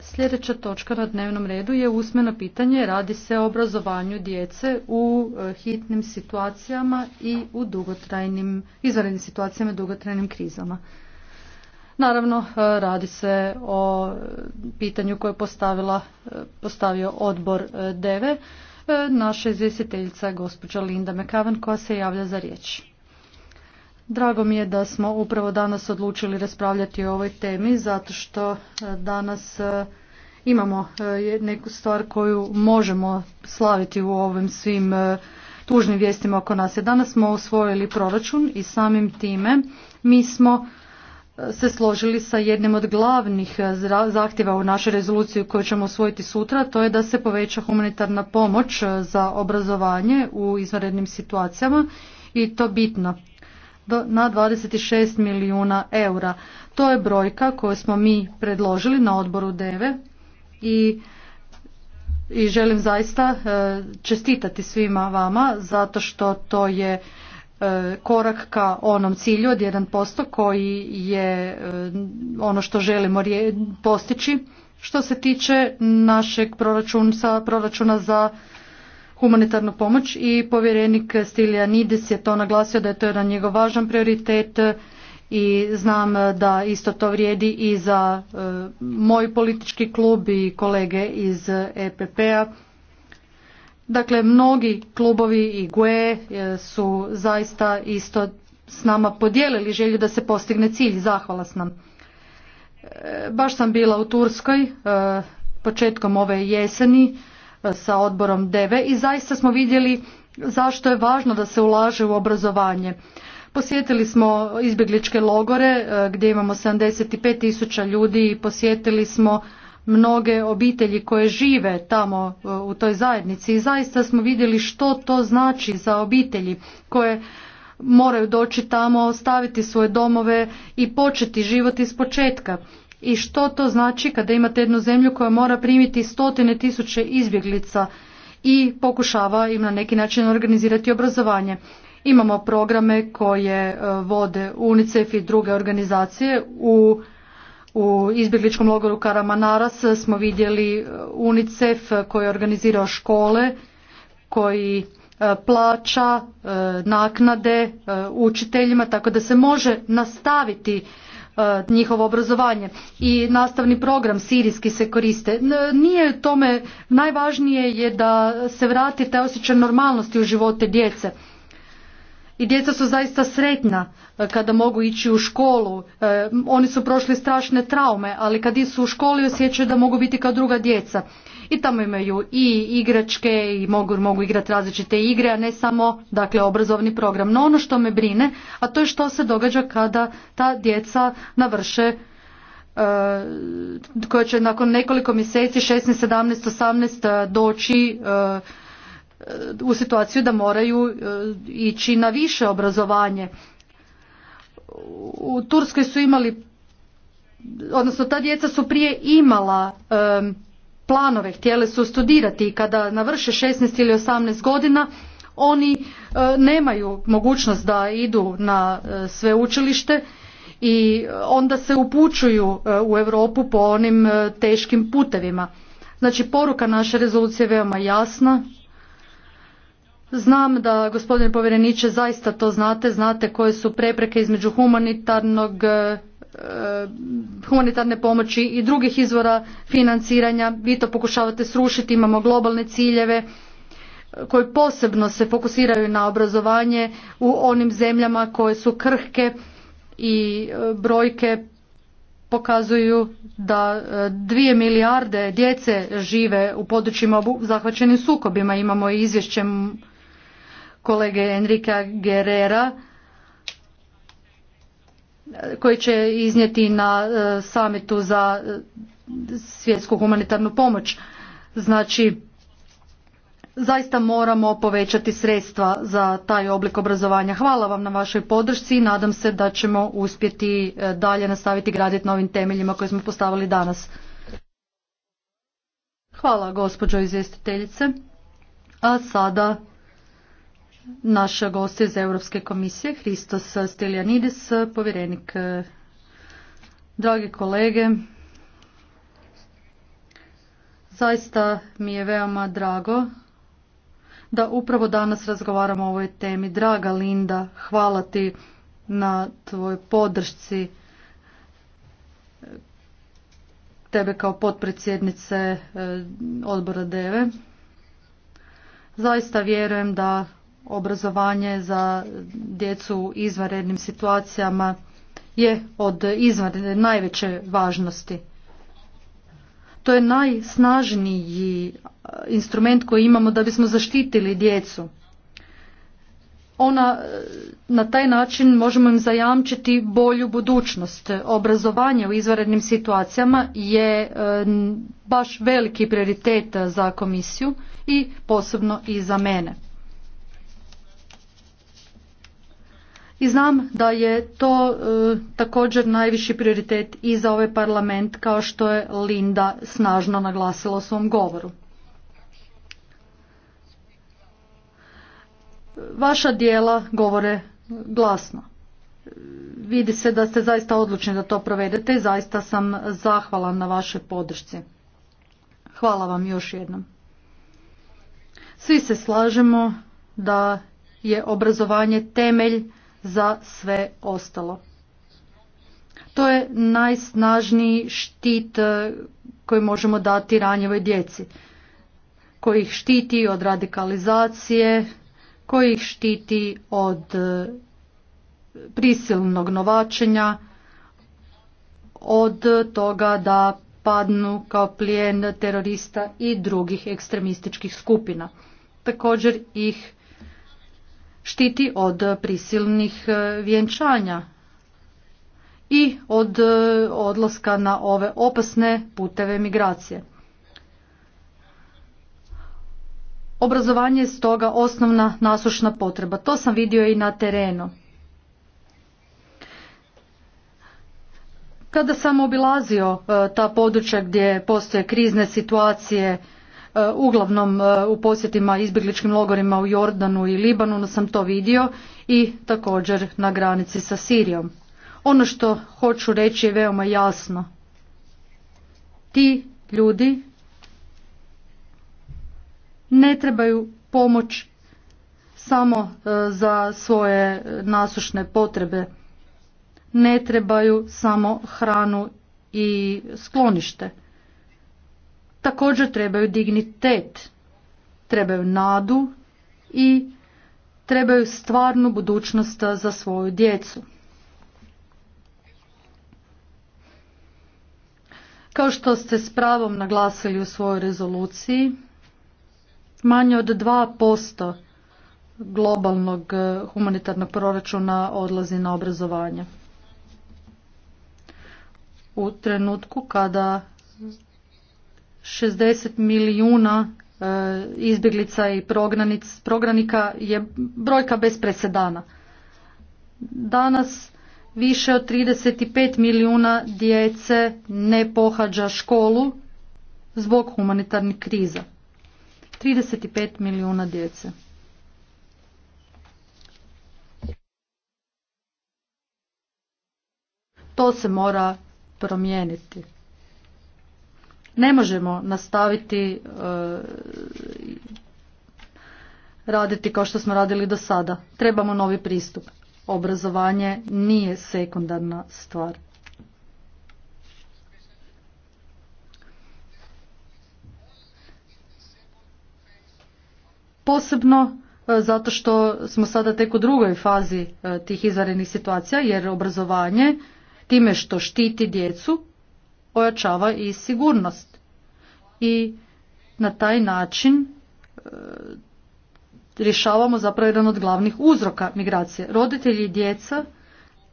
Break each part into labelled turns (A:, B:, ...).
A: Sljedeća točka na dnevnom redu je usmeno pitanje. Radi se o obrazovanju djece u e, hitnim situacijama i u dugotrajnim, izvanrednim situacijama i dugotrajnim krizama. Naravno, e, radi se o e, pitanju koje je postavio odbor DEVE, naša izvjestiteljica gospođa Linda Mekavan koja se javlja za riječ. Drago mi je da smo upravo danas odlučili raspravljati o ovoj temi zato što e, danas e, imamo e, neku stvar koju možemo slaviti u ovim svim tužnim vijestima oko nas. Danas smo usvojili proračun i samim time mi smo se složili sa jednim od glavnih zahtjeva u našoj rezoluciji koju ćemo usvojiti sutra, to je da se poveća humanitarna pomoć za obrazovanje u izvanrednim situacijama i to bitno na 26 milijuna eura. To je brojka koju smo mi predložili na odboru DEVE i i želim zaista e, čestitati svima vama zato što to je e, korak ka onom cilju od 1% koji je e, ono što želimo postići što se tiče našeg proračuna za humanitarnu pomoć i povjerenik Nidis je to naglasio da je to jedan njegov važan prioritet i znam da isto to vrijedi i za e, moj politički klub i kolege iz EPP-a. Dakle, mnogi klubovi i GUE e, su zaista isto s nama podijelili želju da se postigne cilj. Zahvala sam. E, baš sam bila u Turskoj e, početkom ove jeseni sa odborom DEVE i zaista smo vidjeli zašto je važno da se ulaže u obrazovanje. Posjetili smo izbjegličke logore e, gdje imamo 75 tisuća ljudi i posjetili smo mnoge obitelji koje žive tamo e, u toj zajednici i zaista smo vidjeli što to znači za obitelji koje moraju doći tamo, ostaviti svoje domove i početi život iz i što to znači kada imate jednu zemlju koja mora primiti stotine tisuće izbjeglica i pokušava im na neki način organizirati obrazovanje. Imamo programe koje e, vode UNICEF i druge organizacije. U, u izbjegličkom logoru Karamanaras smo vidjeli e, UNICEF koji je organizirao škole, koji e, plaća naknade učiteljima tako da se može nastaviti E, njihovo obrazovanje i nastavni program sirijski se koriste. Nije tome najvažnije je da se vrati taj osjećaj normalnosti u živote djece i djeca su zaista sretna e, kada mogu ići u školu. E, oni su prošli strašne traume, ali kad su u školi osjećaju da mogu biti kao druga djeca. I tamo imaju i igračke i mogu, mogu igrati različite igre, a ne samo dakle, obrazovni program. No ono što me brine, a to je što se događa kada ta djeca navrše e, koja će nakon nekoliko mjeseci, 16, 17, 18 doći u situaciju da moraju e, ići na više obrazovanje. U Turskoj su imali, odnosno ta djeca su prije imala e, planove, htjele su studirati i kada navrše 16 ili 18 godina oni e, nemaju mogućnost da idu na sve učilište i onda se upućuju u Europu po onim teškim putevima. Znači poruka naše rezolucije je veoma jasna Znam da, gospodine povjereniče, zaista to znate, znate koje su prepreke između humanitarnog e, e, humanitarne pomoći i drugih izvora financiranja. Vi to pokušavate srušiti, imamo globalne ciljeve koji posebno se fokusiraju na obrazovanje u onim zemljama koje su krhke i e, brojke pokazuju da dvije milijarde djece žive u područjima zahvaćenim sukobima. Imamo izvješće izvješćem kolege Enrika Guerrera koji će iznijeti na e, samitu za e, svjetsku humanitarnu pomoć. Znači, zaista moramo povećati sredstva za taj oblik obrazovanja. Hvala vam na vašoj podršci i nadam se da ćemo uspjeti e, dalje nastaviti graditi novim temeljima koje smo postavili danas. Hvala gospođo izvjestiteljice. A sada Naša gost iz Europske komisije, Hristos Stiljanidis, povjerenik. Dragi kolege, zaista mi je veoma drago da upravo danas razgovaramo o ovoj temi. Draga Linda, hvala ti na tvojoj podršci tebe kao potpredsjednice eh, odbora DEVE. Zaista vjerujem da obrazovanje za djecu u izvanrednim situacijama je od izvanredne najveće važnosti. To je najsnažniji e, instrument koji imamo da bismo zaštitili djecu. Ona, e, na taj način možemo im zajamčiti bolju budućnost. Obrazovanje u izvanrednim situacijama je e, baš veliki prioritet za komisiju i posebno i za mene. i znam da je to e, također najviši prioritet i za ovaj parlament kao što je Linda snažno naglasila u svom govoru. Vaša dijela govore glasno. Vidi se da ste zaista odlučni da to provedete i zaista sam zahvalan na vašoj podršci. Hvala vam još jednom. Svi se slažemo da je obrazovanje temelj za sve ostalo. To je najsnažniji štit e, koji možemo dati ranjivoj djeci, koji ih štiti od radikalizacije, koji ih štiti od e, prisilnog novačenja, od toga da padnu kao plijen terorista i drugih ekstremističkih skupina. Također ih štiti od prisilnih e, vjenčanja i od e, odlaska na ove opasne puteve migracije. Obrazovanje je stoga osnovna nasušna potreba. To sam vidio i na terenu. Kada sam obilazio e, ta područja gdje postoje krizne situacije, E, uglavnom e, u posjetima izbjegličkim logorima u Jordanu i Libanu sam to vidio i također na granici sa Sirijom. Ono što hoću reći je veoma jasno. Ti ljudi ne trebaju pomoć samo e, za svoje nasušne potrebe. Ne trebaju samo hranu i sklonište također trebaju dignitet, trebaju nadu i trebaju stvarnu budućnost za svoju djecu. Kao što ste s pravom naglasili u svojoj rezoluciji, manje od 2% globalnog eh, humanitarnog proračuna odlazi na obrazovanje. U trenutku kada 60 milijuna e, izbjeglica i prognanic, prognanika je brojka bez presedana. Danas više od 35 milijuna djece ne pohađa školu zbog humanitarnih kriza. 35 milijuna djece. To se mora promijeniti. Ne možemo nastaviti e, raditi kao što smo radili do sada. Trebamo novi pristup. Obrazovanje nije sekundarna stvar. Posebno e, zato što smo sada tek u drugoj fazi e, tih izvarenih situacija jer obrazovanje time što štiti djecu ojačava i sigurnost. I na taj način e, rješavamo zapravo jedan od glavnih uzroka migracije. Roditelji i djeca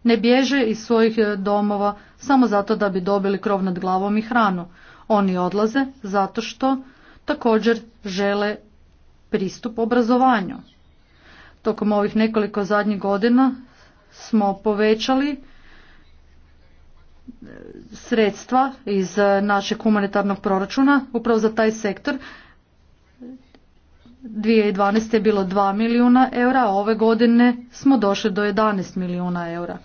A: ne bježe iz svojih e, domova samo zato da bi dobili krov nad glavom i hranu. Oni odlaze zato što također žele pristup obrazovanju. Tokom ovih nekoliko zadnjih godina smo povećali sredstva iz eh, našeg humanitarnog proračuna upravo za taj sektor. 2012. je bilo 2 milijuna eura, a ove godine smo došli do 11 milijuna eura.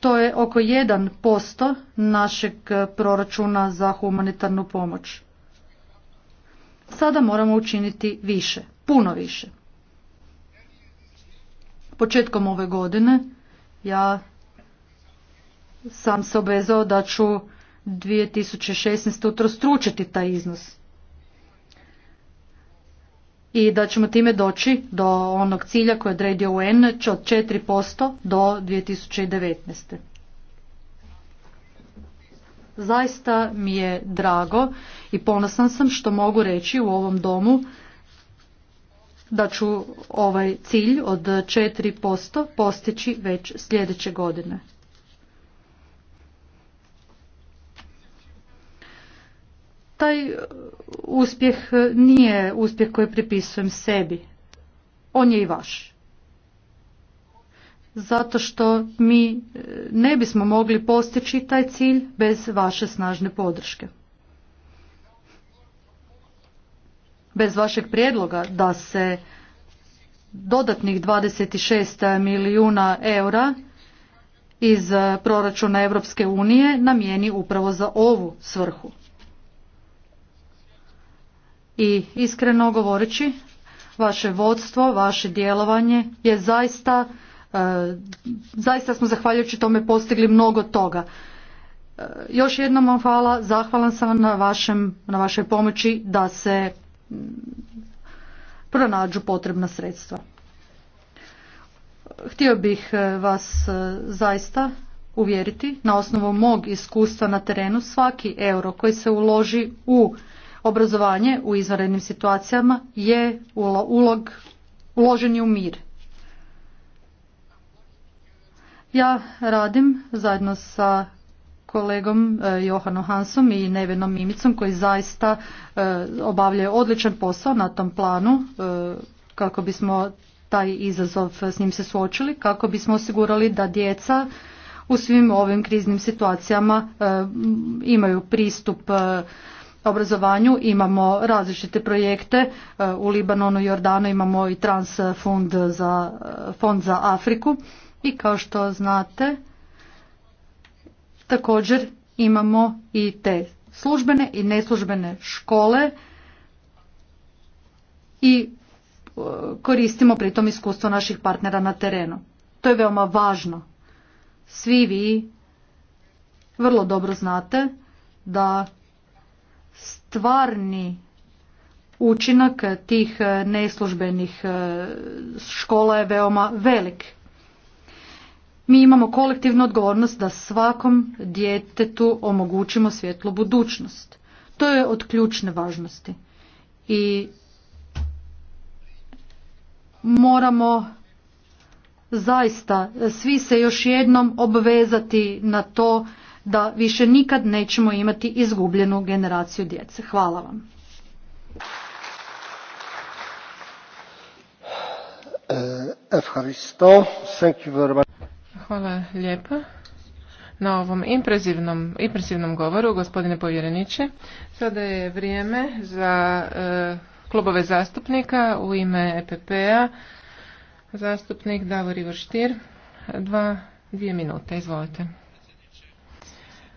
A: To je oko 1% našeg eh, proračuna za humanitarnu pomoć. Sada moramo učiniti više, puno više. Početkom ove godine ja sam se obvezao da ću 2016. utrostručiti taj iznos i da ćemo time doći do onog cilja koji je odredio UN od 4% do 2019. Zaista mi je drago i ponosan sam što mogu reći u ovom domu da ću ovaj cilj od 4% postići već sljedeće godine. taj uspjeh nije uspjeh koji pripisujem sebi. On je i vaš. Zato što mi e, ne bismo mogli postići taj cilj bez vaše snažne podrške. Bez vašeg prijedloga da se dodatnih 26 milijuna eura iz proračuna Europske unije namijeni upravo za ovu svrhu i iskreno govoreći vaše vodstvo, vaše djelovanje je zaista e, zaista smo zahvaljujući tome postigli mnogo toga. E, još jednom vam hvala, zahvalan sam na, vašem, na vašoj pomoći da se mm, pronađu potrebna sredstva. Htio bih e, vas zaista uvjeriti na osnovu mog iskustva na terenu svaki euro koji se uloži u Obrazovanje u izvanrednim situacijama je ulog uloženi u mir. Ja radim zajedno sa kolegom e, Johanom Hansom i Nevenom Mimicom koji zaista e, obavljaju odličan posao na tom planu e, kako bismo taj izazov s njim se suočili, kako bismo osigurali da djeca u svim ovim kriznim situacijama imaju pristup obrazovanju imamo različite projekte e, u Libanonu i Jordanu imamo i fund za e, fond za Afriku i kao što znate također imamo i te službene i neslužbene škole i e, koristimo pritom iskustvo naših partnera na terenu. To je veoma važno. Svi vi vrlo dobro znate da stvarni učinak tih e, neslužbenih e, škola je veoma velik. Mi imamo kolektivnu odgovornost da svakom djetetu omogućimo svjetlu budućnost. To je od ključne važnosti. I moramo zaista svi se još jednom obvezati na to da više nikad nećemo imati izgubljenu generaciju djece. Hvala vam.
B: Eh,
C: Hvala lijepa na ovom impresivnom, impresivnom govoru, gospodine povjereniče. Sada je vrijeme za eh, klubove zastupnika u ime EPP-a. Zastupnik Davor Ivor Štir, dva, dvije minute, izvolite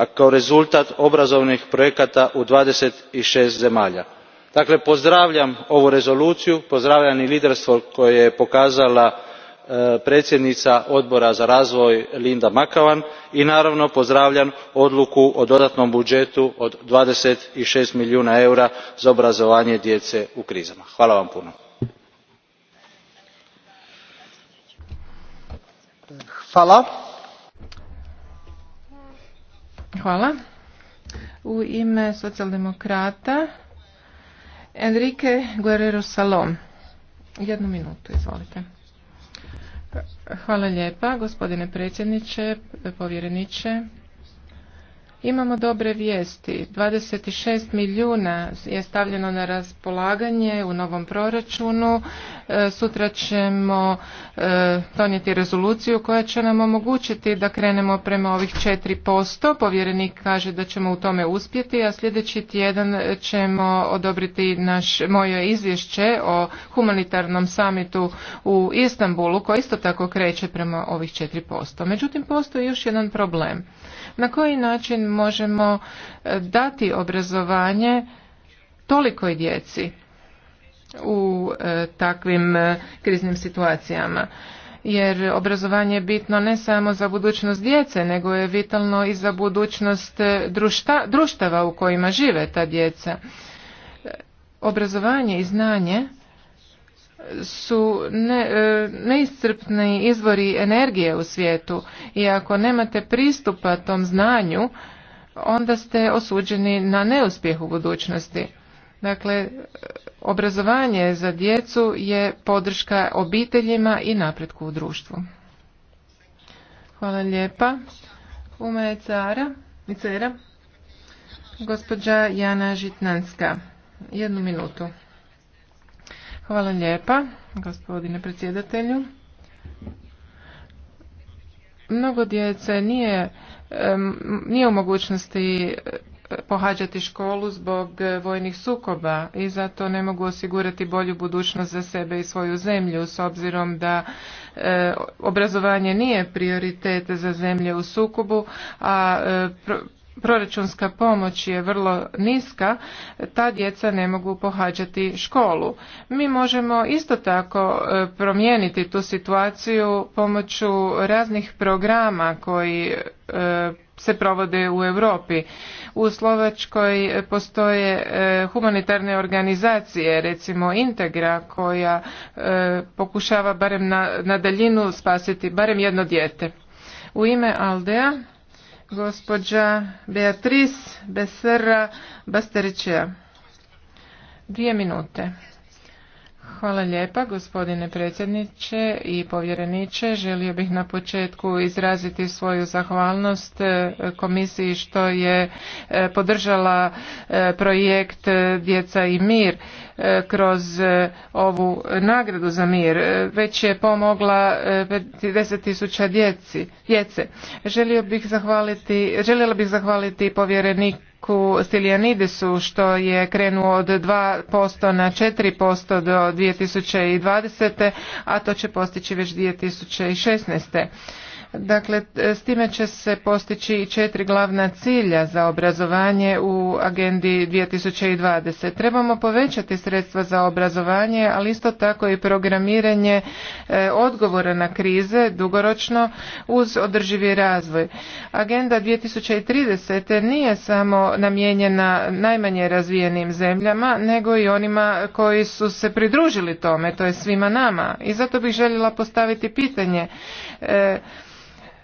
B: a kao rezultat obrazovnih projekata u twenty six zemalja. dakle pozdravljam ovu rezoluciju pozdravljam i liderstvo koje je pokazala e, predsjednica odbora za razvoj linda Makavan i naravno pozdravljam odluku o dodatnom budetu od twenty six milijuna eura za obrazovanje djece u krizama. hvala vam puno.
C: hvala. Hvala. U ime socijaldemokrata Enrique Guerrero Salom. Jednu minutu, izvolite. Hvala lijepa, gospodine predsjedniče, povjereniče, Imamo dobre vijesti. 26 milijuna je stavljeno na raspolaganje u novom proračunu. E, sutra ćemo e, donijeti rezoluciju koja će nam omogućiti da krenemo prema ovih 4%. Povjerenik kaže da ćemo u tome uspjeti, a sljedeći tjedan ćemo odobriti naš, moje izvješće o humanitarnom samitu u Istanbulu koji isto tako kreće prema ovih 4%. Međutim, postoji još jedan problem. Na koji način možemo e, dati obrazovanje tolikoj djeci u e, takvim e, kriznim situacijama jer obrazovanje je bitno ne samo za budućnost djece nego je vitalno i za budućnost društava u kojima žive ta djeca obrazovanje i znanje su neiscrpni izvori energije u svijetu i ako nemate pristupa tom znanju onda ste osuđeni na neuspjeh u budućnosti. Dakle, obrazovanje za djecu je podrška obiteljima i napretku u društvu. Hvala lijepa. Uma je cara, gospođa Jana Žitnanska. Jednu minutu. Hvala lijepa, gospodine predsjedatelju. Mnogo djece nije, nije u mogućnosti e, pohađati školu zbog e, vojnih sukoba i zato ne mogu osigurati bolju budućnost za sebe i svoju zemlju s obzirom da e, obrazovanje nije prioritet za zemlje u sukobu, a proračunska pomoć je vrlo niska, ta djeca ne mogu pohađati školu. Mi možemo isto tako e, promijeniti tu situaciju pomoću raznih programa koji e, se provode u Europi. U Slovačkoj postoje e, humanitarne organizacije, recimo Integra, koja pokušava barem na, daljinu spasiti barem jedno dijete. U ime Aldea Gospođa Beatriz Becerra Basterićeja. Dvije minute. Hvala lijepa gospodine predsjedniče i povjereniče. Želio bih na početku izraziti svoju zahvalnost e, komisiji što je e, podržala e, projekt Djeca i mir kroz ovu nagradu za mir. Već je pomogla deset tisuća djece. Želio bih zahvaliti, željela bih zahvaliti povjerenik povjereniku Stiljanidisu što je krenuo od 2% na 4% do 2020. a to će postići već 2016. Dakle, s time će se postići četiri glavna cilja za obrazovanje u agendi 2020. Trebamo povećati sredstva za obrazovanje, ali isto tako i programiranje e, odgovora na krize dugoročno uz održivi razvoj. Agenda 2030. nije samo namijenjena najmanje razvijenim zemljama, nego i onima koji su se pridružili tome, to je svima nama. I zato bih željela postaviti pitanje e,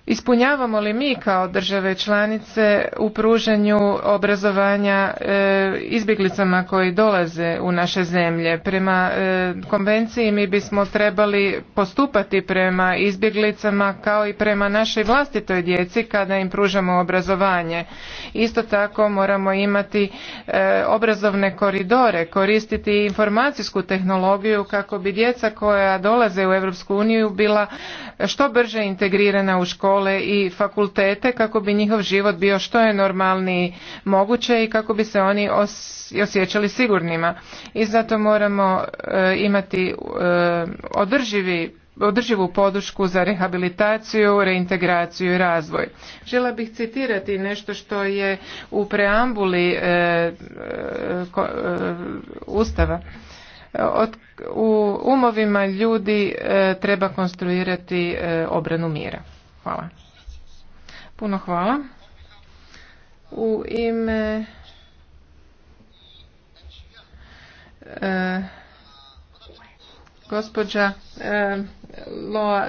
C: Ispunjavamo li mi kao države članice u pružanju obrazovanja e, izbjeglicama koji dolaze u naše zemlje? Prema e, konvenciji mi bismo trebali postupati prema izbjeglicama kao i prema našoj vlastitoj djeci kada im pružamo obrazovanje. Isto tako moramo imati e, obrazovne koridore, koristiti informacijsku tehnologiju kako bi djeca koja dolaze u EU bila što brže integrirana u školu škole i fakultete kako bi njihov život bio što je normalniji moguće i kako bi se oni osjećali sigurnima. I zato moramo e, imati e, održivi održivu podušku za rehabilitaciju, reintegraciju i razvoj. Žela bih citirati nešto što je u preambuli e, Ustava. Od, u umovima ljudi treba konstruirati obranu mira. Hvala. Puno hvala. U ime e, gospođa e, Loa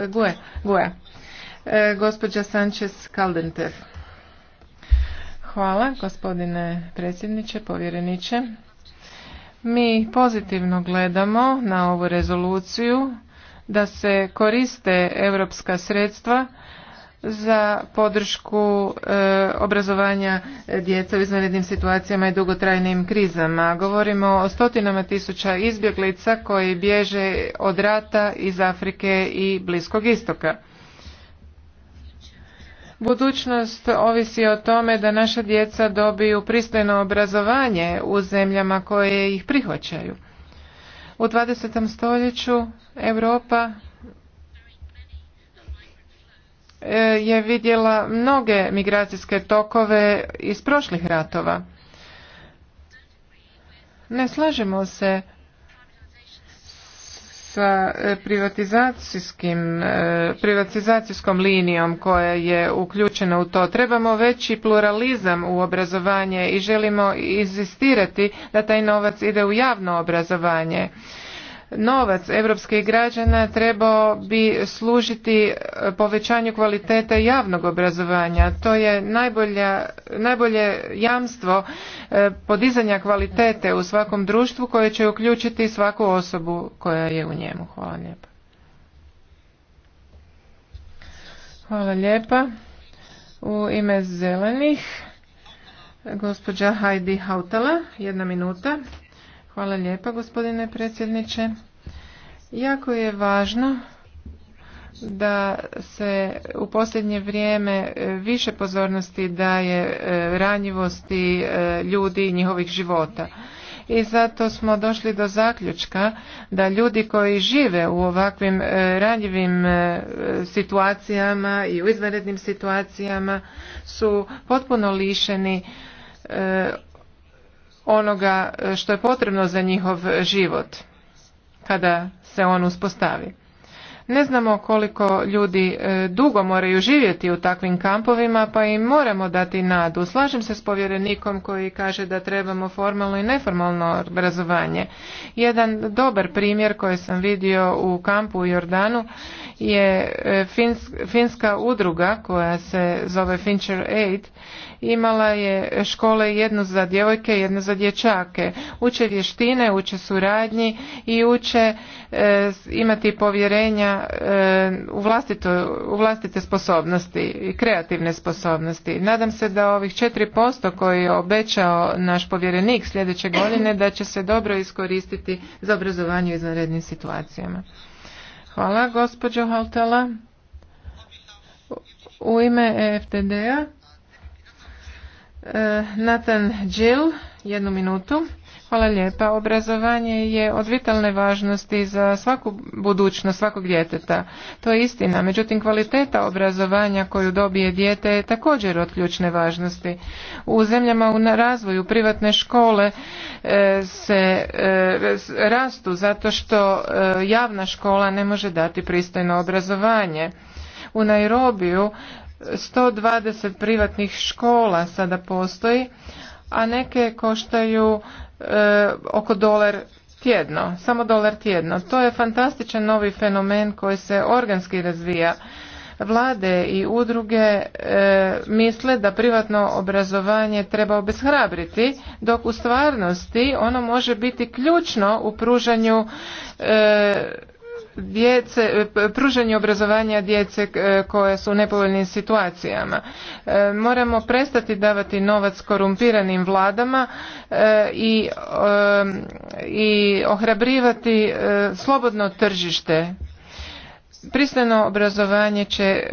C: e, Sanchez Kaldenter. Hvala gospodine predsjedniče, povjereniče. Mi pozitivno gledamo na ovu rezoluciju da se koriste europska sredstva za podršku e, obrazovanja djeca u izvanrednim situacijama i dugotrajnim krizama. Govorimo o stotinama tisuća izbjeglica koji bježe od rata iz Afrike i Bliskog istoka. Budućnost ovisi o tome da naša djeca dobiju pristojno obrazovanje u zemljama koje ih prihvaćaju. U 20. stoljeću Europa E, je vidjela mnoge migracijske tokove iz prošlih ratova. Ne slažemo se sa e, privatizacijskim, e, privatizacijskom linijom koja je uključena u to. Trebamo veći pluralizam u obrazovanje i želimo inzistirati da taj novac ide u javno obrazovanje novac europskih građana trebao bi služiti e, povećanju kvalitete javnog obrazovanja. To je najbolje jamstvo e, podizanja kvalitete u svakom društvu koje će uključiti svaku osobu koja je u njemu. Hvala lijepa. Hvala lijepa. U ime zelenih, gospođa Heidi Hautala, jedna minuta. Hvala lijepa gospodine predsjedniče. Jako je važno da se u posljednje vrijeme e, više pozornosti daje e, ranjivosti e, ljudi i njihovih života. I zato smo došli do zaključka da ljudi koji žive u ovakvim ranjivim situacijama i u izvanrednim situacijama su potpuno lišeni onoga e, što je potrebno za njihov život kada se on uspostavi. Ne znamo koliko ljudi e, dugo moraju živjeti u takvim kampovima, pa im moramo dati nadu. Slažem se s povjerenikom koji kaže da trebamo formalno i neformalno obrazovanje. Jedan dobar primjer koji sam vidio u kampu u Jordanu je e, finska udruga koja se zove Fincher Aid imala je škole jednu za djevojke, jednu za dječake. Uče vještine, uče suradnji i uče e, imati povjerenja e, u, vlastite sposobnosti i kreativne sposobnosti. Nadam se da ovih 4% koji je obećao naš povjerenik sljedeće godine da će se dobro iskoristiti za obrazovanje u izvanrednim situacijama. Hvala gospođo Haltela U ime EFTD-a E, Nathan Jill, jednu minutu. Hvala lijepa. Obrazovanje je od vitalne važnosti za svaku budućnost svakog djeteta. To je istina. Međutim, kvaliteta obrazovanja koju dobije dijete je također od ključne važnosti. U zemljama u razvoju privatne škole e, se e, rastu zato što javna škola ne može dati pristojno obrazovanje. U Nairobiju 120 privatnih škola sada postoji, a neke koštaju e, oko dolar tjedno, samo dolar tjedno. To je fantastičan novi fenomen koji se organski razvija. Vlade i udruge e, misle da privatno obrazovanje treba obeshrabriti, dok u stvarnosti ono može biti ključno u pružanju e, djece, e, pružanje obrazovanja djece e, koje su u nepovoljnim situacijama. E, moramo prestati davati novac korumpiranim vladama i, i ohrabrivati slobodno tržište Pristojno obrazovanje će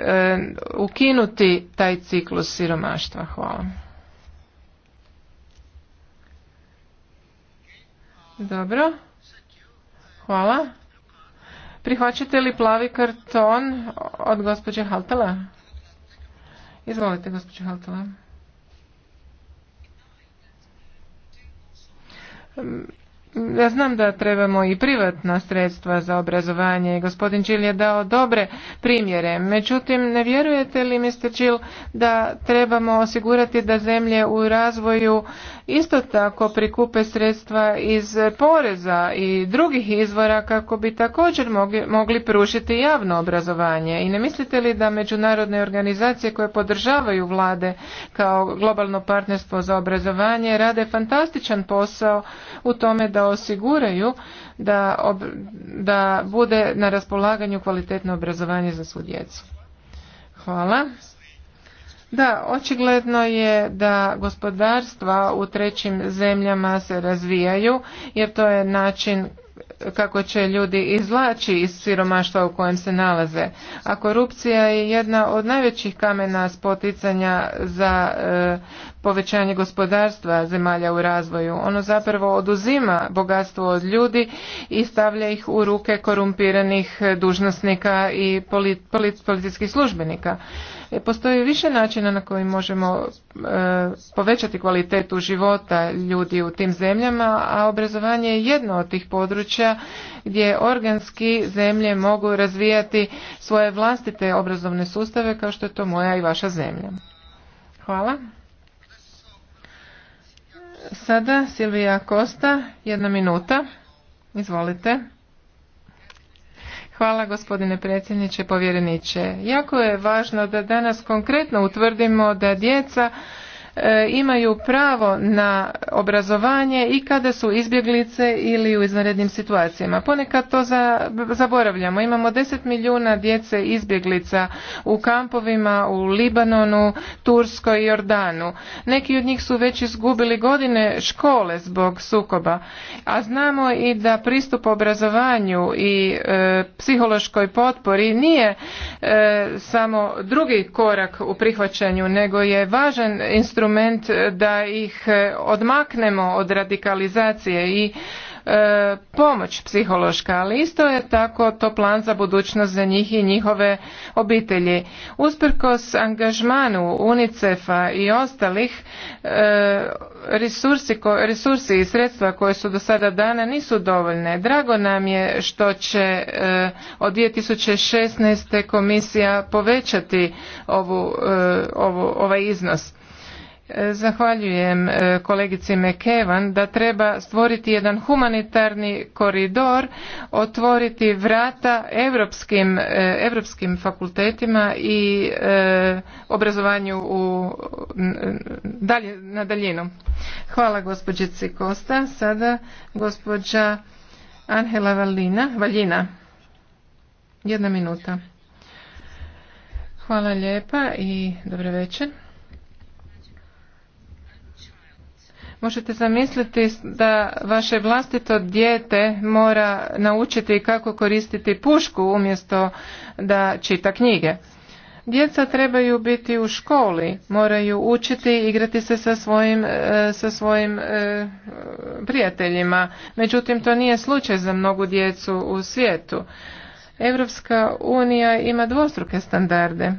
C: ukinuti taj ciklus siromaštva. Hvala. Dobro. Hvala. Prihvaćate li plavi karton od gospođe Haltala? Izvolite, gospođe Haltala. Mm, ja znam da trebamo i privatna sredstva za obrazovanje i gospodin Čil je dao dobre primjere. Međutim, ne vjerujete li, Mr. Čil, da trebamo osigurati da zemlje u razvoju isto tako prikupe sredstva iz poreza i drugih izvora kako bi također mogli, pružiti javno obrazovanje. I ne mislite li da međunarodne organizacije koje podržavaju vlade kao globalno partnerstvo za obrazovanje rade fantastičan posao u tome da osiguraju da, da bude na raspolaganju kvalitetno obrazovanje za svu djecu. Hvala. Da, očigledno je da gospodarstva u trećim zemljama se razvijaju jer to je način kako će ljudi izlaći iz siromaštva u kojem se nalaze. A korupcija je jedna od najvećih kamena spoticanja za e, povećanje gospodarstva zemalja u razvoju. Ono zapravo oduzima bogatstvo od ljudi i stavlja ih u ruke korumpiranih dužnosnika i polit, policijskih službenika. E, postoji više načina na koji možemo e, povećati kvalitetu života ljudi u tim zemljama, a obrazovanje je jedno od tih područja gdje organski zemlje mogu razvijati svoje vlastite obrazovne sustave kao što je to moja i vaša zemlja. Hvala. Sada Silvija Kosta, jedna minuta. Izvolite. Hvala gospodine predsjedniče, povjereniče. Jako je važno da danas konkretno utvrdimo da djeca E, imaju pravo na obrazovanje i kada su izbjeglice ili u izvanrednim situacijama. Ponekad to zaboravljamo. Imamo 10 milijuna djece izbjeglica u kampovima u Libanonu, Turskoj i Jordanu. Neki od njih su već izgubili godine škole zbog sukoba. A znamo i da pristup obrazovanju i e, psihološkoj potpori nije e, samo drugi korak u prihvaćanju, nego je važan instrument instrument e, da ih e, odmaknemo od radikalizacije i e, pomoć psihološka, ali isto je tako to plan za budućnost za njih i njihove obitelji. Usprkos angažmanu UNICEF-a i ostalih resursi, i sredstva koje su do sada dana nisu dovoljne. Drago nam je što će e, od 2016. komisija povećati ovu, ovu, ovaj iznos. Zahvaljujem e, kolegici Mekevan da treba stvoriti jedan humanitarni koridor, otvoriti vrata europskim, e, fakultetima i e, obrazovanju u, dalje, na daljinu. Hvala gospođici Kosta. Sada gospođa Angela Valina. Valjina. Jedna minuta. Hvala lijepa i dobro večer. Možete zamisliti da vaše vlastito dijete mora naučiti kako koristiti pušku umjesto da čita knjige. Djeca trebaju biti u školi, moraju učiti, igrati se sa svojim, e, sa svojim e, prijateljima. Međutim, to nije slučaj za mnogu djecu u svijetu. Europska unija ima dvostruke standarde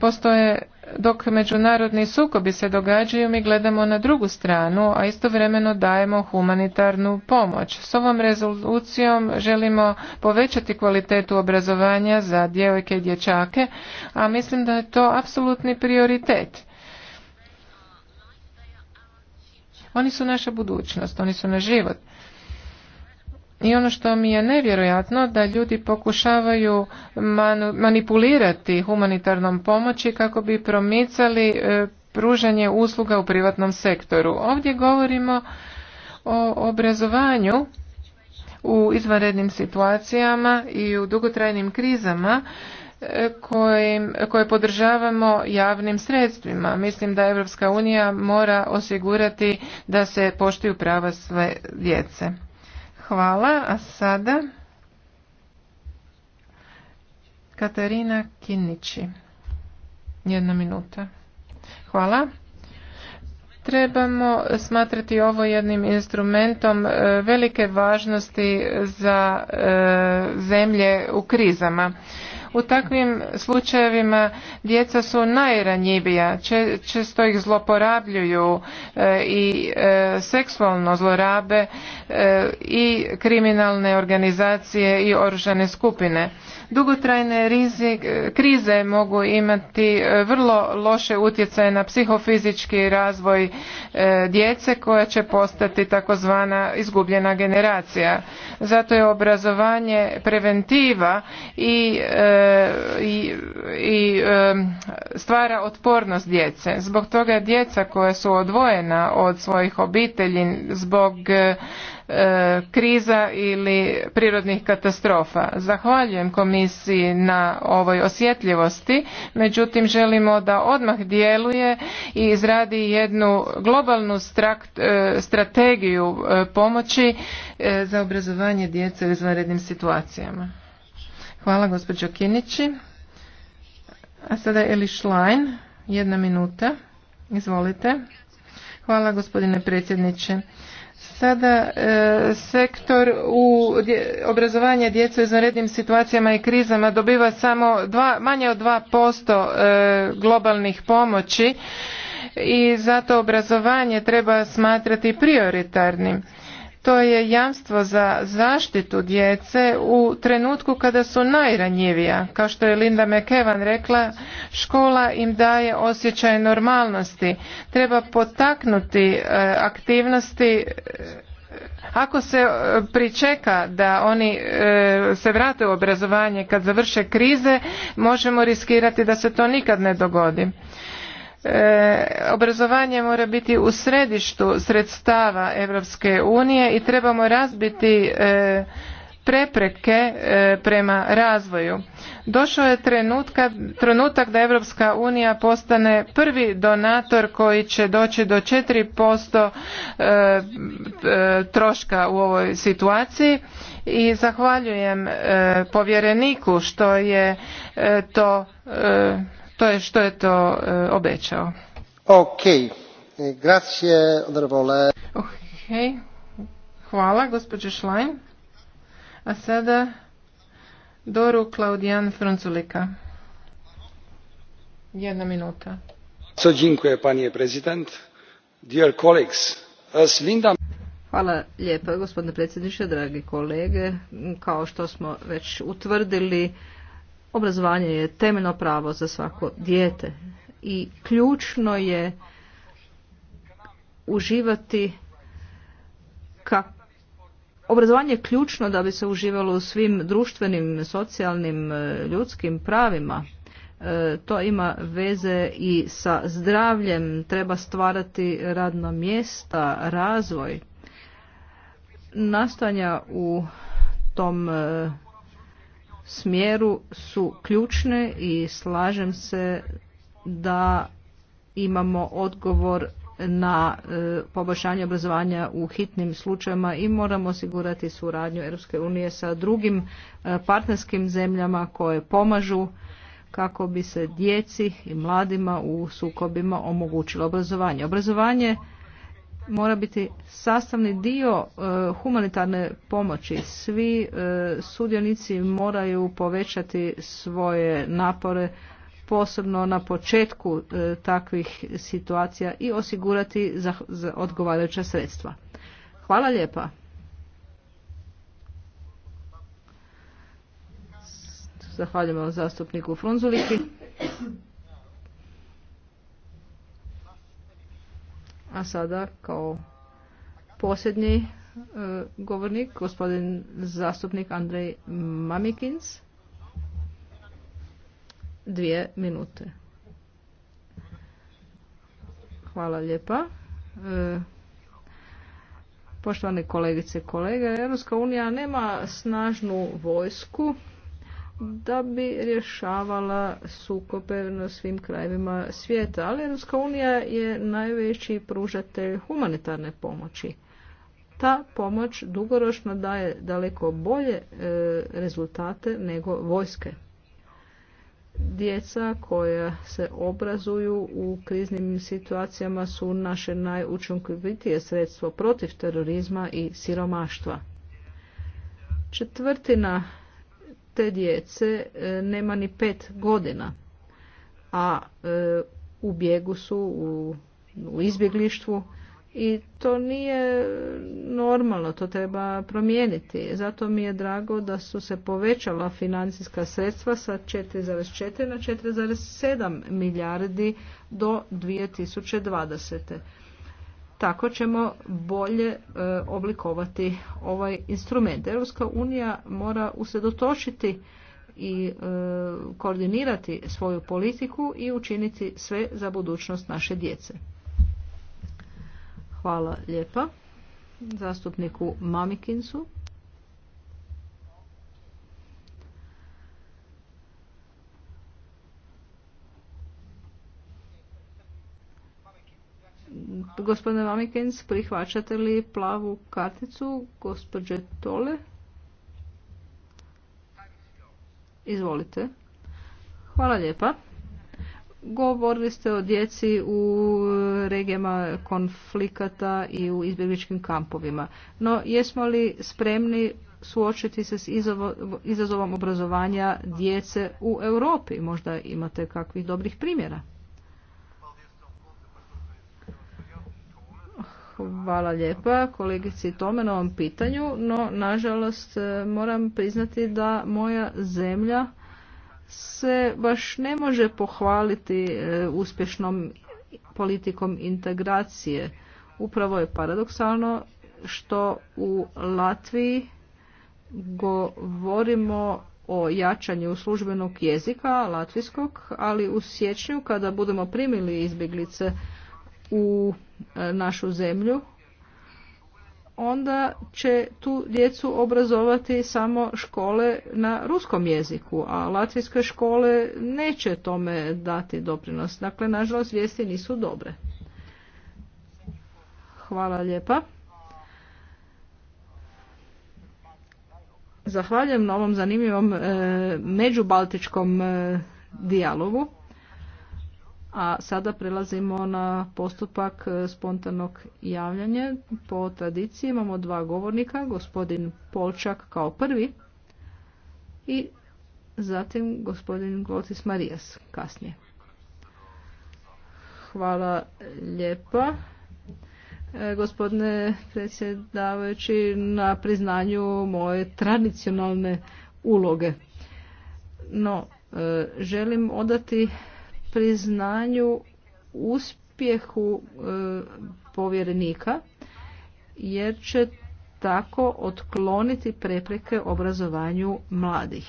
C: postoje dok međunarodni sukobi se događaju mi gledamo na drugu stranu a istovremeno dajemo humanitarnu pomoć s ovom rezolucijom želimo povećati kvalitetu obrazovanja za djevojke i dječake a mislim da je to apsolutni prioritet oni su naša budućnost oni su naš život i ono što mi je nevjerojatno da ljudi pokušavaju manipulirati humanitarnom pomoći kako bi promicali e, pružanje usluga u privatnom sektoru. Ovdje govorimo o obrazovanju u izvanrednim situacijama i u dugotrajnim krizama e, koje, koje podržavamo javnim sredstvima. Mislim da Europska unija mora osigurati da se poštuju prava sve djece. Hvala, a sada Katarina Kinići. Jedna minuta. Hvala. Trebamo smatrati ovo jednim instrumentom e, velike važnosti za e, zemlje u krizama. U takvim slučajevima djeca su najranjivija, često ih zloporabljuju e, i e, seksualno zlorabe e, i kriminalne organizacije i oružane skupine. Dugotrajne krize mogu imati vrlo loše utjecaje na psihofizički razvoj djece koja će postati takozvana izgubljena generacija. Zato je obrazovanje preventiva i E, i, e, stvara otpornost djece. Zbog toga djeca koja su odvojena od svojih obitelji zbog e, kriza ili prirodnih katastrofa. Zahvaljujem komisiji na ovoj osjetljivosti, međutim želimo da odmah djeluje i izradi jednu globalnu strategiju pomoći za obrazovanje djece u izvanrednim situacijama. Hvala gospođo Kinići. A sada Eli Schlein, jedna minuta. Izvolite. Hvala gospodine predsjedniče. Sada e, sektor u obrazovanje djece u izvanrednim situacijama i krizama dobiva samo dva, manje od 2% e, globalnih pomoći i zato obrazovanje treba smatrati prioritarnim to je jamstvo za zaštitu djece u trenutku kada su najranjivija. Kao što je Linda McEvan rekla, škola im daje osjećaj normalnosti. Treba potaknuti e, aktivnosti e, ako se e, pričeka da oni se vrate u obrazovanje kad završe krize, možemo riskirati da se to nikad ne dogodi. E, obrazovanje mora biti u središtu sredstava Europske unije i trebamo razbiti e, prepreke e, prema razvoju. Došao je trenutak da Europska unija postane prvi donator koji će doći do 4% troška u ovoj situaciji i zahvaljujem povjereniku što je to to je što je to e, obećao. Ok,
B: grazie,
C: Ok, hvala gospođo Šlajn. A sada Doru Klaudijan Frunzulika. Jedna minuta.
B: So, dziękuję, panie prezident. Dear colleagues, as Linda...
D: Hvala lijepa gospodine predsjedniče, dragi kolege. Kao što smo već utvrdili, Obrazovanje je temeljno pravo za svako dijete i ključno je uživati ka... Obrazovanje je ključno da bi se uživalo u svim društvenim, socijalnim, e, ljudskim pravima. E, to ima veze i sa zdravljem, treba stvarati radna mjesta, razvoj. Nastanja u tom e, smjeru su ključne i slažem se da imamo odgovor na e, poboljšanje obrazovanja u hitnim slučajevima i moramo osigurati suradnju Europske unije sa drugim e, partnerskim zemljama koje pomažu kako bi se djeci i mladima u sukobima omogućilo obrazovanje. Obrazovanje mora biti sastavni dio e, humanitarne pomoći. Svi e, sudjelnici moraju povećati svoje napore posebno na početku e, takvih situacija i osigurati za odgovarajuća sredstva. Hvala lijepa. Zahvaljujemo zastupniku Frunzuliki. A sada kao posljednji e, govornik, gospodin zastupnik Andrej Mamikins. Dvije minute. Hvala lijepa. E, poštovane kolegice i kolege, Europska unija nema snažnu vojsku, da bi rješavala sukobe na svim krajevima svijeta. Ali Europska unija je najveći pružatelj humanitarne pomoći. Ta pomoć dugoročno daje daleko bolje e, rezultate nego vojske. Djeca koja se obrazuju u kriznim situacijama su naše najučinkovitije sredstvo protiv terorizma i siromaštva. Četvrtina te djece e, nema ni pet godina, a e, u bijegu su, u, u izbjeglištvu i to nije normalno, to treba promijeniti. Zato mi je drago da su se povećala financijska sredstva sa 4,4 na 4,7 milijardi do 2020 tako ćemo bolje e, oblikovati ovaj instrument. Europska unija mora usredotočiti i e, koordinirati svoju politiku i učiniti sve za budućnost naše djece. Hvala lijepa zastupniku Mamikinsu. Gospodine Vamikens, prihvaćate li plavu karticu gospođe Tole? Izvolite. Hvala lijepa. Govorili ste o djeci u regijama konflikata i u izbjegličkim kampovima. No, jesmo li spremni suočiti se s izazovom obrazovanja djece u Europi? Možda imate kakvih dobrih primjera. Hvala lijepa kolegici Tome na ovom pitanju, no nažalost e, moram priznati da moja zemlja se baš ne može pohvaliti e, uspješnom politikom integracije. Upravo je paradoksalno što u Latviji govorimo o jačanju službenog jezika latvijskog, ali u siječnju kada budemo primili izbjeglice u E, našu zemlju, onda će tu djecu obrazovati samo škole na ruskom jeziku, a latvijske škole neće tome dati doprinos. Dakle, nažalost, vijesti nisu dobre. Hvala lijepa. Zahvaljujem na ovom zanimljivom e, međubaltičkom e, dijalogu. A sada prelazimo na postupak e, spontanog javljanja. Po tradiciji imamo dva govornika, gospodin Polčak kao prvi i zatim gospodin Glotis Marijas kasnije. Hvala lijepa. E, gospodine predsjedavajući, na priznanju moje tradicionalne uloge. No, e, želim odati priznanju uspjehu e, povjerenika jer će tako otkloniti prepreke obrazovanju mladih.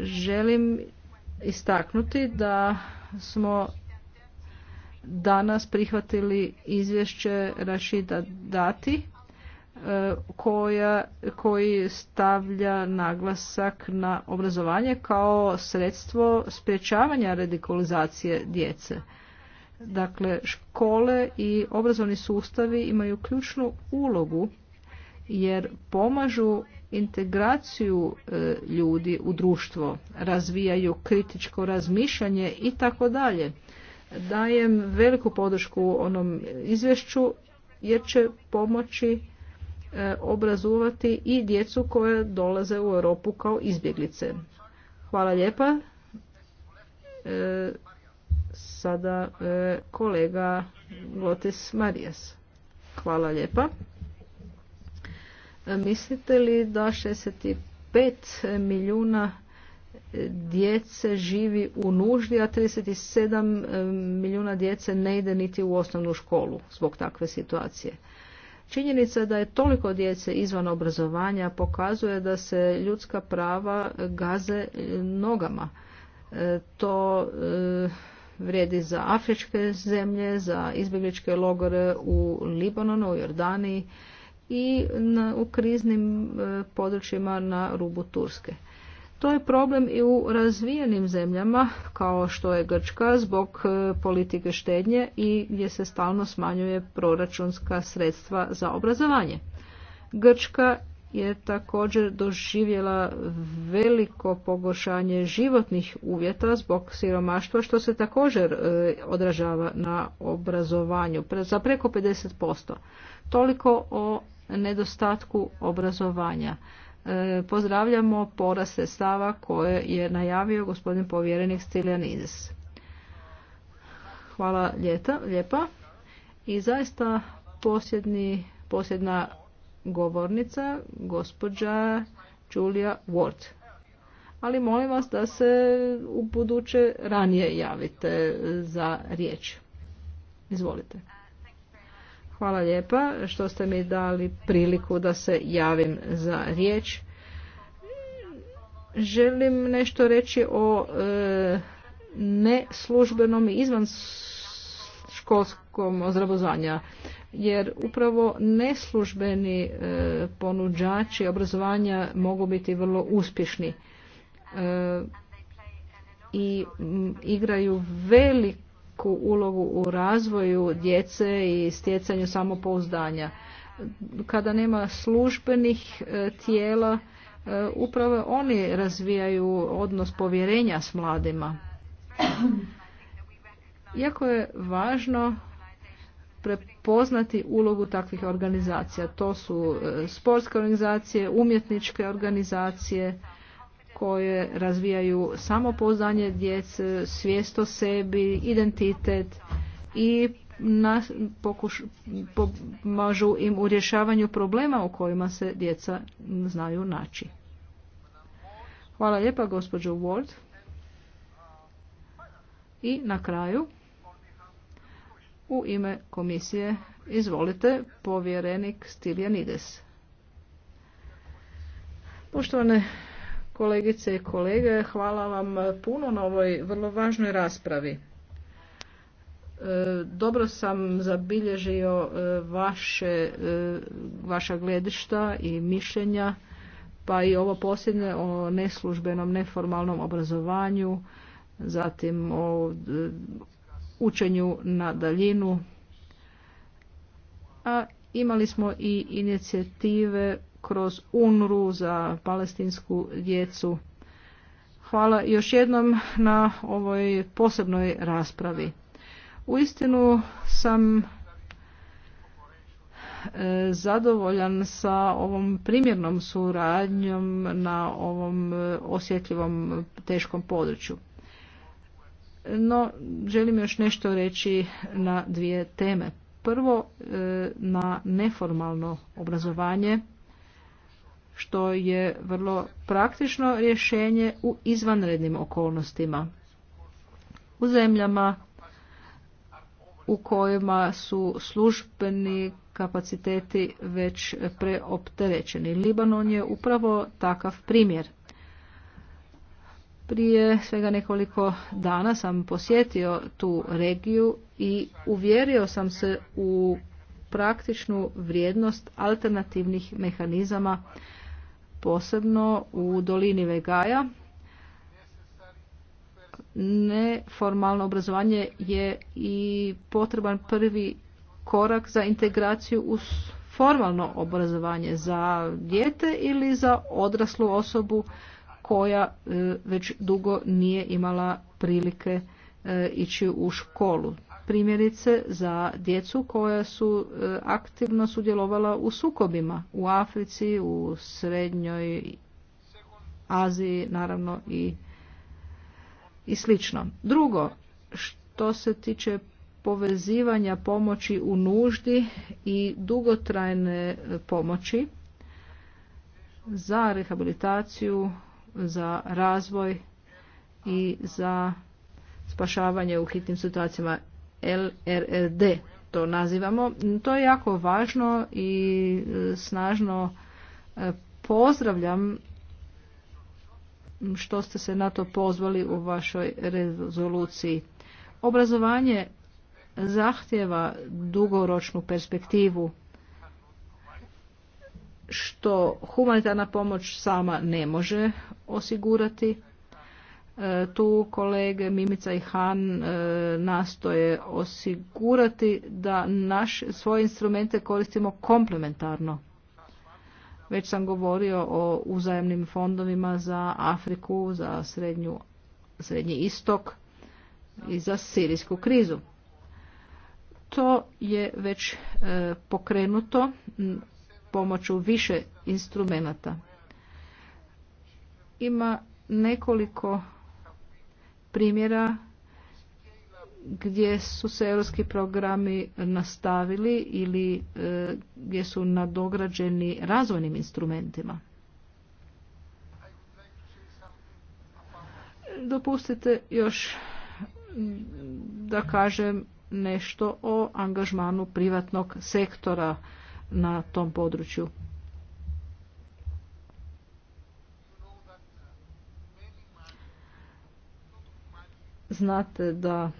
D: Želim istaknuti da smo danas prihvatili izvješće Rašida Dati koja, koji stavlja naglasak na obrazovanje kao sredstvo sprječavanja radikalizacije djece. Dakle, škole i obrazovni sustavi imaju ključnu ulogu jer pomažu integraciju e, ljudi u društvo, razvijaju kritičko razmišljanje i tako dalje. Dajem veliku podršku onom izvješću jer će pomoći obrazovati i djecu koja dolaze u Europu kao izbjeglice. Hvala lijepa. E, sada e, kolega Lotis Marijas. Hvala lijepa. E, mislite li da 65 milijuna djece živi u nuždi, a 37 milijuna djece ne ide niti u osnovnu školu zbog takve situacije? Činjenica da je toliko djece izvan obrazovanja pokazuje da se ljudska prava gaze nogama. E, to e, vrijedi za afričke zemlje, za izbjegličke logore u Libanonu, u Jordaniji i u kriznim e, područjima na rubu Turske. To je problem i u razvijenim zemljama kao što je Grčka zbog e, politike štednje i gdje se stalno smanjuje proračunska sredstva za obrazovanje. Grčka je također doživjela veliko pogošanje životnih uvjeta zbog siromaštva što se također e, odražava na obrazovanju za preko 50%. Toliko o nedostatku obrazovanja. E, pozdravljamo porast sredstava koje je najavio gospodin povjerenik Izis. Hvala ljeta, lijepa. I zaista posljedni, posljedna govornica, gospođa Julia Ward. Ali molim vas da se u buduće ranije javite za riječ. Izvolite. Hvala lijepa što ste mi dali priliku da se javim za riječ. Želim nešto reći o e, neslužbenom i izvan školskom obrazovanja jer upravo neslužbeni e, ponuđači obrazovanja mogu biti vrlo uspješni e, i igraju velik veliku ulogu u razvoju djece i stjecanju samopouzdanja. Kada nema službenih e, tijela, e, upravo oni razvijaju odnos povjerenja s mladima. Iako je važno prepoznati ulogu takvih organizacija. To su e, sportske organizacije, umjetničke organizacije, koje razvijaju samopoznanje djece, svijest o sebi, identitet i na, pokuš, pomažu im u rješavanju problema u kojima se djeca znaju naći. Hvala lijepa gospođo Ward. I na kraju u ime komisije izvolite povjerenik Stiljanides. Poštovane kolegice i kolege. Hvala vam puno na ovoj vrlo važnoj raspravi. E, dobro sam zabilježio e, vaše, e, vaša gledišta i mišljenja, pa i ovo posljednje o neslužbenom, neformalnom obrazovanju, zatim o učenju na daljinu. A imali smo i inicijative kroz UNRU za palestinsku djecu. Hvala još jednom na ovoj posebnoj raspravi. U istinu sam e, zadovoljan sa ovom primjernom suradnjom na ovom e, osjetljivom teškom području. No, želim još nešto reći na dvije teme. Prvo, e, na neformalno obrazovanje što je vrlo praktično rješenje u izvanrednim okolnostima. U zemljama u kojima su službeni kapaciteti već preopterećeni. Libanon je upravo takav primjer. Prije svega nekoliko dana sam posjetio tu regiju i uvjerio sam se u praktičnu vrijednost alternativnih mehanizama posebno u dolini Vegaja. Neformalno obrazovanje je i potreban prvi korak za integraciju uz formalno obrazovanje za dijete ili za odraslu osobu koja e, već dugo nije imala prilike e, ići u školu primjerice za djecu koja su e, aktivno sudjelovala u sukobima u Africi, u Srednjoj Aziji, naravno i, i slično. Drugo, što se tiče povezivanja pomoći u nuždi i dugotrajne pomoći za rehabilitaciju, za razvoj i za spašavanje u hitnim situacijama. LRRD to nazivamo. To je jako važno i e, snažno e, pozdravljam što ste se na to pozvali u vašoj rezoluciji. Obrazovanje zahtjeva dugoročnu perspektivu što humanitarna pomoć sama ne može osigurati E, tu kolege Mimica i Han e, nastoje osigurati da naš, svoje instrumente koristimo komplementarno. Već sam govorio o uzajemnim fondovima za Afriku, za srednju, Srednji istok i za sirijsku krizu. To je već e, pokrenuto pomoću više instrumenata. Ima nekoliko primjera gdje su se europski programi nastavili ili e, gdje su nadograđeni razvojnim instrumentima. Dopustite još da kažem nešto o angažmanu privatnog sektora na tom području. znate da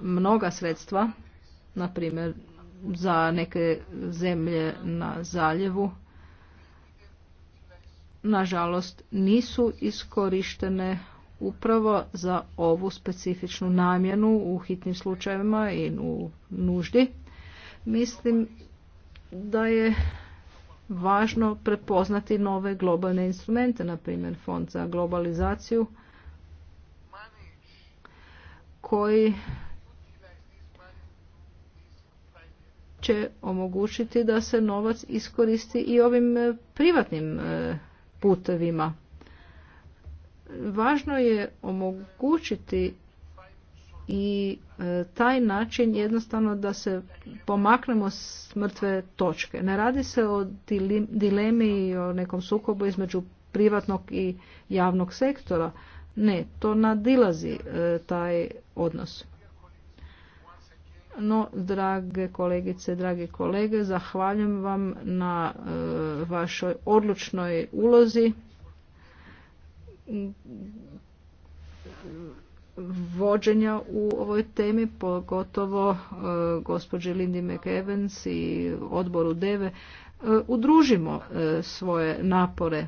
D: mnoga sredstva, na primjer za neke zemlje na zaljevu, nažalost nisu iskorištene upravo za ovu specifičnu namjenu u hitnim slučajevima i u nuždi. Mislim da je važno prepoznati nove globalne instrumente, na primjer fond za globalizaciju, koji će omogućiti da se novac iskoristi i ovim e, privatnim e, putevima. Važno je omogućiti i e, taj način jednostavno da se pomaknemo s mrtve točke. Ne radi se o dilemi i o nekom sukobu između privatnog i javnog sektora. Ne, to nadilazi e, taj odnos. No, drage kolegice, drage kolege, zahvaljujem vam na e, vašoj odlučnoj ulozi vođenja u ovoj temi, pogotovo e, gospođi Lindy McEvans i odboru DEVE, e, udružimo svoje napore.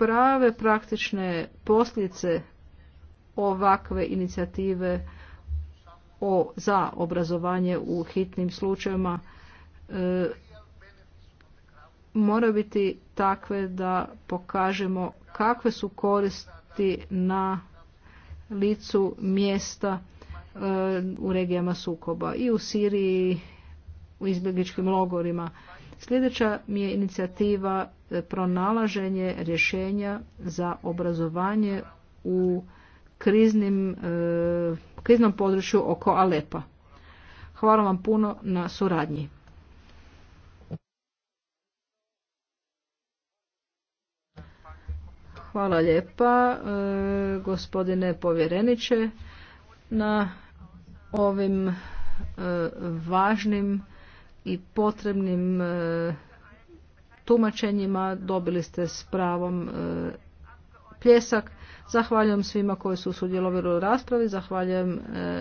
D: prave praktične posljedice ovakve inicijative o, za obrazovanje u hitnim slučajevima e, mora biti takve da pokažemo kakve su koristi na licu mjesta e, u regijama sukoba i u Siriji u izbjegličkim logorima. Sljedeća mi je inicijativa pronalaženje rješenja za obrazovanje u kriznim, e, kriznom području oko Alepa. Hvala vam puno na suradnji. Hvala lijepa e, gospodine povjereniče na ovim e, važnim i potrebnim tumačenjima, dobili ste s pravom e, pljesak. Zahvaljujem svima koji su sudjelovali u raspravi, zahvaljujem e,